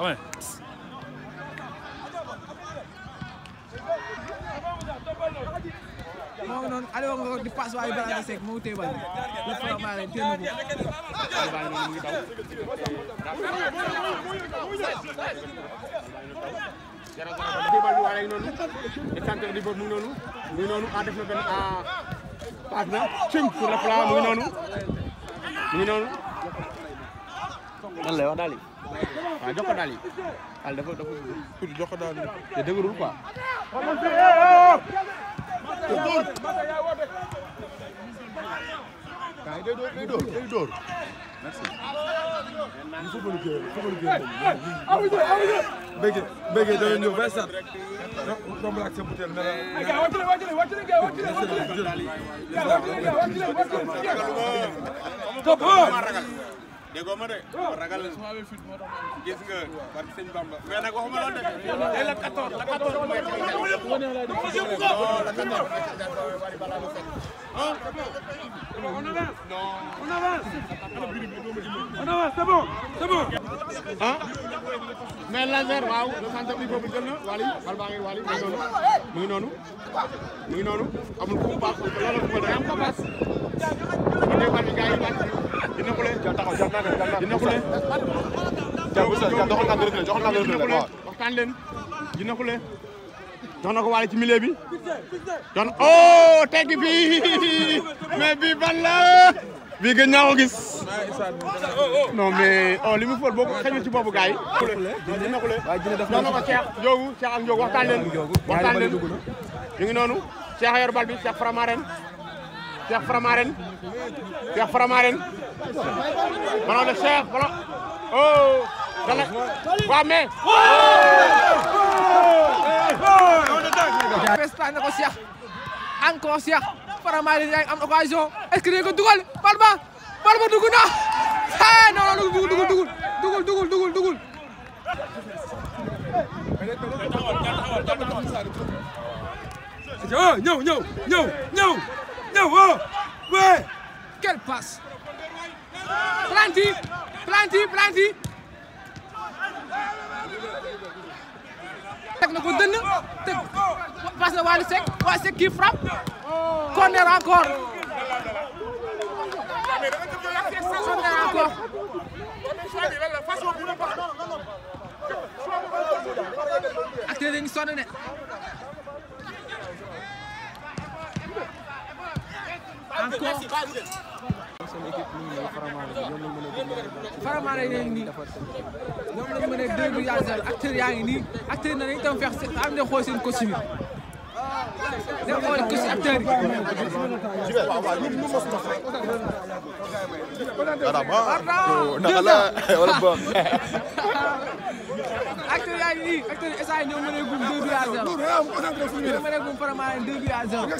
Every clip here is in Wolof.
Ouais. moo ngi noonu Aliou nga ko di passe waaye Balaye Seck mu ngi noonu mu noonu ah def na benn ah passe na mu noonu mu noonu. lan lay wax daal yi. waaw jox ko daal yi. dóor kaay day dóor day dóor day dóor merci. bëgg bëgg da ngay ñëw ba sat romb ak sa butéel mel na déggoo ma de ragal gis nga barke sëñ Bamba mais nag waxuma loolu de la 14 la 14 mooy la 14 on avance on avance c'est bon c'est bon ah mais laser waaw le centre bi boobu jël na wali bal baa ngi wali mu ngi noonu mu ngi noonu amul ku baax loolu ko da am ko pass ñu ne wali gaay yi dina xule taxaw jàpp naa ko dina xule doxal naa ko rek joxal naa ko rek waaw waxtaan leen dina xule jox bi jox oh teggi bi mais bi ban la bi gën ñaa ko gis non mais oh li mu fóot boo ko xañu ci boobu gars yi dina xule jox na ko ñu ngi noonu Cheikh yor bal bi Cheikh Framaren Cheikh Faramareen Cheikh Faramareen manoon le Cheikh bala oh dana waa mais respect na ko Cheikh encore Cheikh Faramareen yaa ngi am occasion est-ce que dañ ko dugal bal ba bal ba dugg na ah non non dugul dugul dugul dugul dugul dugul dugul ñëw ñëw ñëw ñëw ñëw Ndowo ouais quelle passe planti planti planti teg na ko dënn teg passe na Wally Seck Wally Seck qui frappe corner encore corner encore acteur yi ne encore. Faramare yaa ngi nii ñoom lañ mën a déglu yaa ngi acteur yaa ngi nii acteur na dañu tam fex am na xool seen costume bi dañu xool costume acteur yi. acteurs yaa ngi nii acteurs yi instant yii ñoo mënee gum 2 bi à 0. ñoo mënee gum vraiment 2 bi à 0.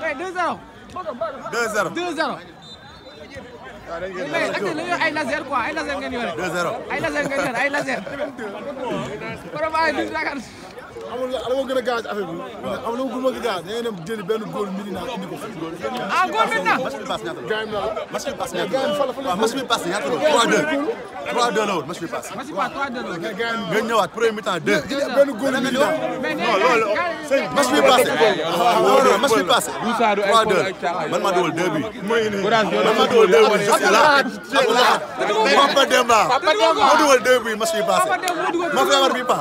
tey 2 0. 2 0 2 0. waaw dañu koy mais acteurs dañoo ay laser quoi ay laser ngeen yore. 2 0 ay laser ngeen yore ay laser. vraiment ay amul la ma gën a gaz affaire bi amul la ma gën a gaz da ngay dem jëli benn góor mi dina indi ko ah góor mi na match bi pass ñaata la match bi pass ñaata la match bi pass ñaata la 3-2 3-2 la woon match bi pass match bi pass 3-2 la nga ñëwaat premier mi-temps 2 benn góor mi dina non loolu match bi pass non match bi pass 3-2 man maa dugal 2 bi man maa dugal 2 bi jusque là Papa Demba maa dugal 2 bi match bi pass ma feebar bi pa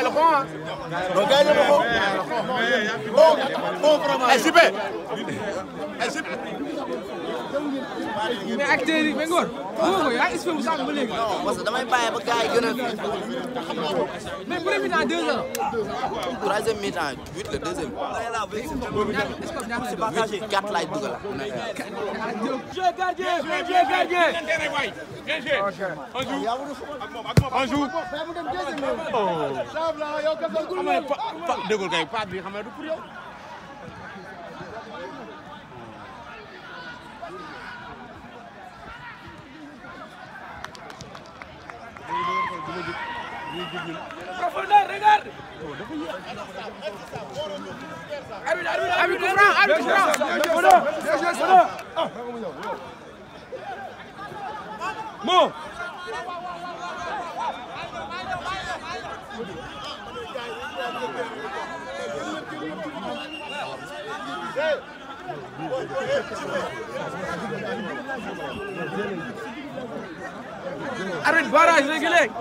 gars yi la xoo ah. non gars yi la ko xoo. bon bon vraiment. ay Sipé ay Sipé. mais acteurs yi mais Ngor. waaw ko yaa expliqué sànq ba léegi. non parce que damay bàyyi ba gars yi gën a. mais premier mi-temps deux heures. troisième mi-temps huit la deuxième. huit quatre laay dugal. gardien gardien gardien profondeur regarde mo Hey! arbitre barrage léegi léegi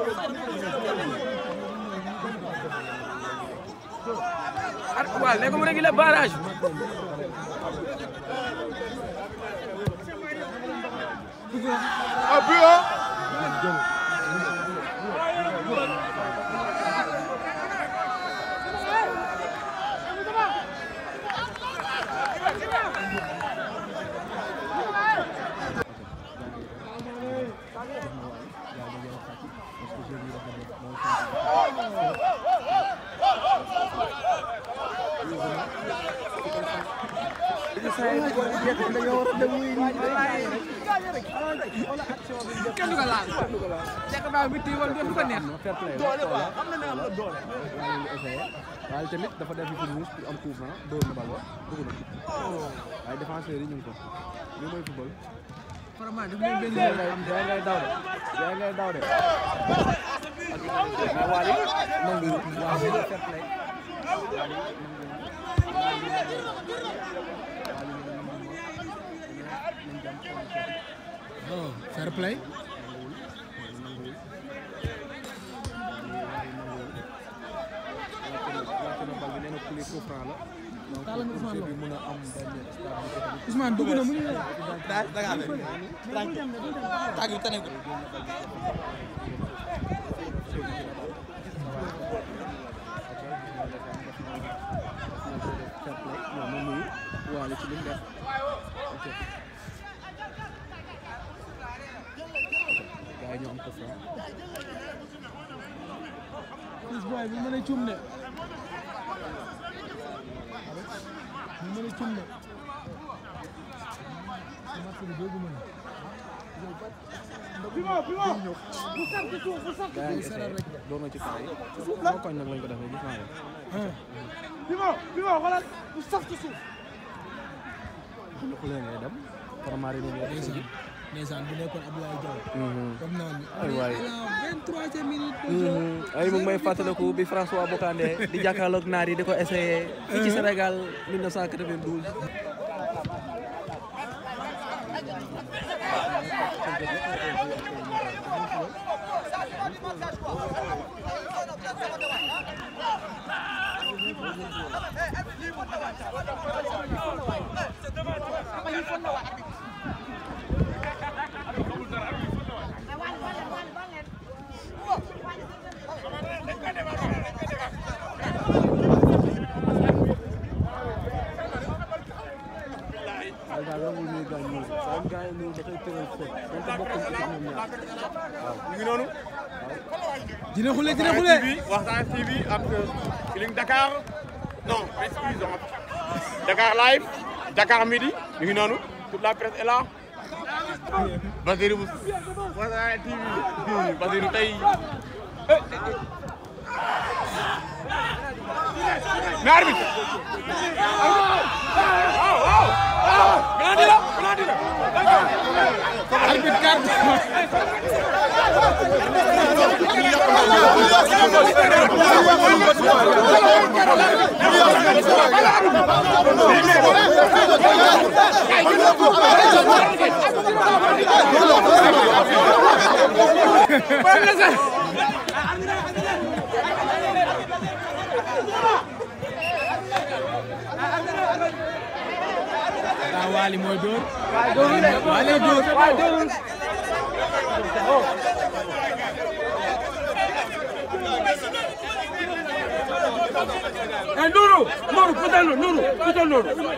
waaw léegi mu réglé barrage a kenn du ko laal. Cheikh Ibrahima bi téye woon def du ko neex. doole waaw xam doole. dafa def fi muus pour am couvent dóor na bal waaye défenseurs yi ñu ngi ko ñu mooy football. vraiment daf leen lii coup franc la. donc Ousmane bi mën a am benn stade. Ousmane dugg na mu ngi lay. daa da ngaa amee. tànk bi tane ko. waaw ci liñ def. ok. gars yi ñoo am coup franc. gis booy bi mën a cum de. içinde. Nasıl bir duygu mu? Bima bima. Bu sakti su, bu ci kaay. Suuf la. Koñ ko defee gis naa leen. Bima bima xoolal bu sakti suuf. ndeysaan bu nekkoon Abdoulaye Diaw. comme noonu. aywaay mu ngi may fàttaliku bi François Bocandé di jàkkaarloog naar di ko essayé. fii ci Sénégal 1992. dina xule dina xule waxtaan TV ak euh, Feeling Dakar non excuse moi Dakar live Dakar midi ñu ngi noonu la presse est là Basirou Wassaare tey Waly mooy dóor. Waly eh, dóor waay dóor. Ndourou Ndourou ku teel Ndourou ku teel Ndourou.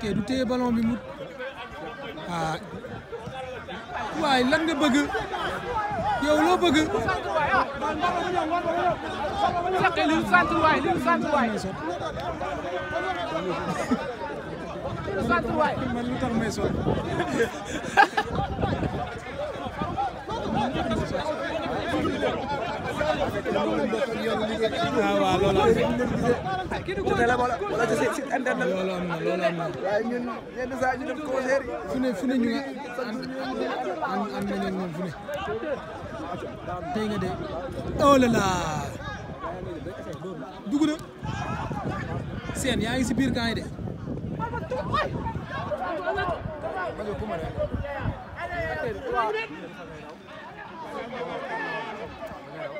kee du téye bi mu waaw ah. waaye lan nga bëgg yow loo bëgg Seck li ñu sant waay li ñu sant waay. li ñu sant waay. man lu tax may sol. waaw waaw loolu am wala wala ci site internet. loolu am na loolu am na. waaye ñun yenn saa ñu def concert yi. fu ne fu ne ñu am am nañu ñoom fu ne. tey nga de oh là là dugg na seen yaa ngi si biir camp yi de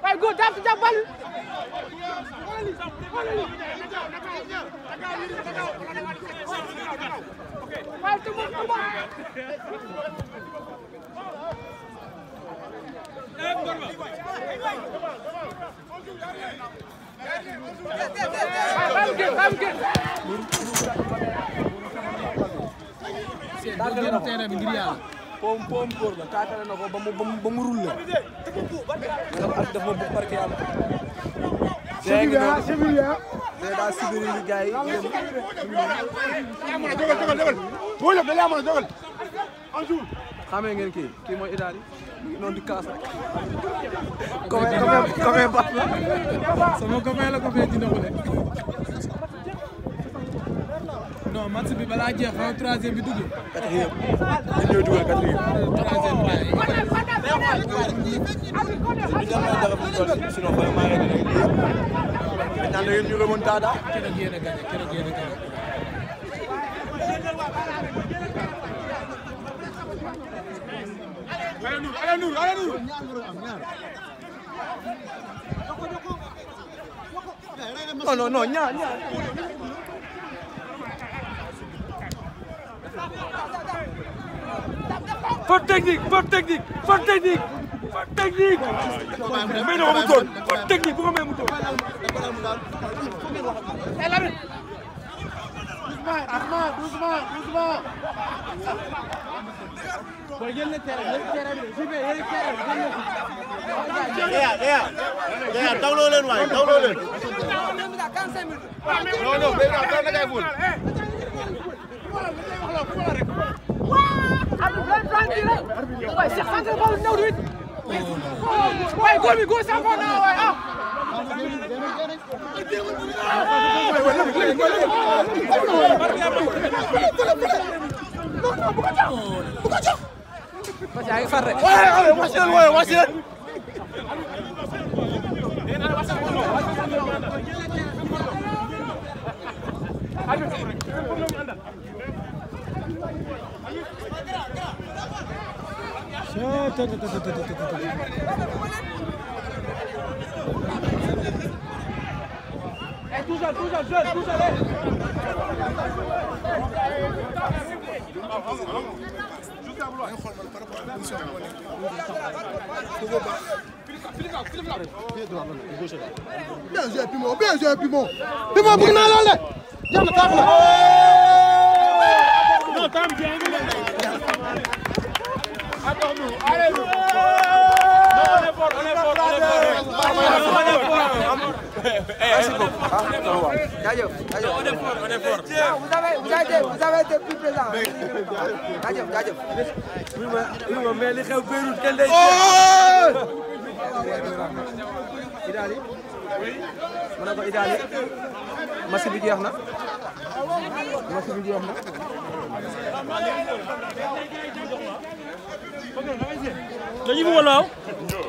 waaye góor jàpp jàpp bal waaye boo génn terrain bi ngir yàlla. pom pom góor la kaatale na ko ba mu ba mu rulle. dafa ak dafa barke yàlla. sëñ bi ah sëñ bi ah. mais daa sibiri li gars yi yéen. jogal jogal jogal. boo ñëw da laa mën a jogal. xamee ngeen kii kii mooy Idaari. noonu di kaas rek. copain copain copain bat la. sama copain la copain dina ko de. non match bi balaa jeex fa troisième bi dugg. quatrième dañ ñëw dugal quatrième. troisième waaye. sinon vraiment. dañ naan da ngeen ñu remontada. keroog yéen a gagné keroog yéen a gagné. Ala Ndour Ala Ndour Ala technique faute technique faute technique faute technique mais non mu doon technique bu ko may doucement doucement doucement doucement. booy jël na terrain jël terrain bi su fekkee yéen terrain bi jël na. Deya Deya Deya dawloo leen waay dawloo leen. non non béykat bi da ngay ful. waaye Cheikh Sane la boobu ñëw di. waaye góor bi góor sax foofu na waay ah. Tut tut tut tut tut tut touche, touche, jeune, touche, allez Bien joué, Pimon, bien joué, Pimon. Pimon, bëgg naa la de. Jàmm taaf la. Non, tam bien, il est Attends nous, allez nous. Non, on est fort, on est fort, on est fort. On est fort, on est fort. Merci beaucoup. Jaajëf, jaajëf. On est fort, on est fort. Vous avez, vous avez, vous avez été plus présent. Jaajëf, jaajëf. Oui, mais, oui, mais li xew Beyrouth kenn day. Idali. Mën na ko Idali. Match bi jeex na. Match bi jeex na. Dañuy mu wala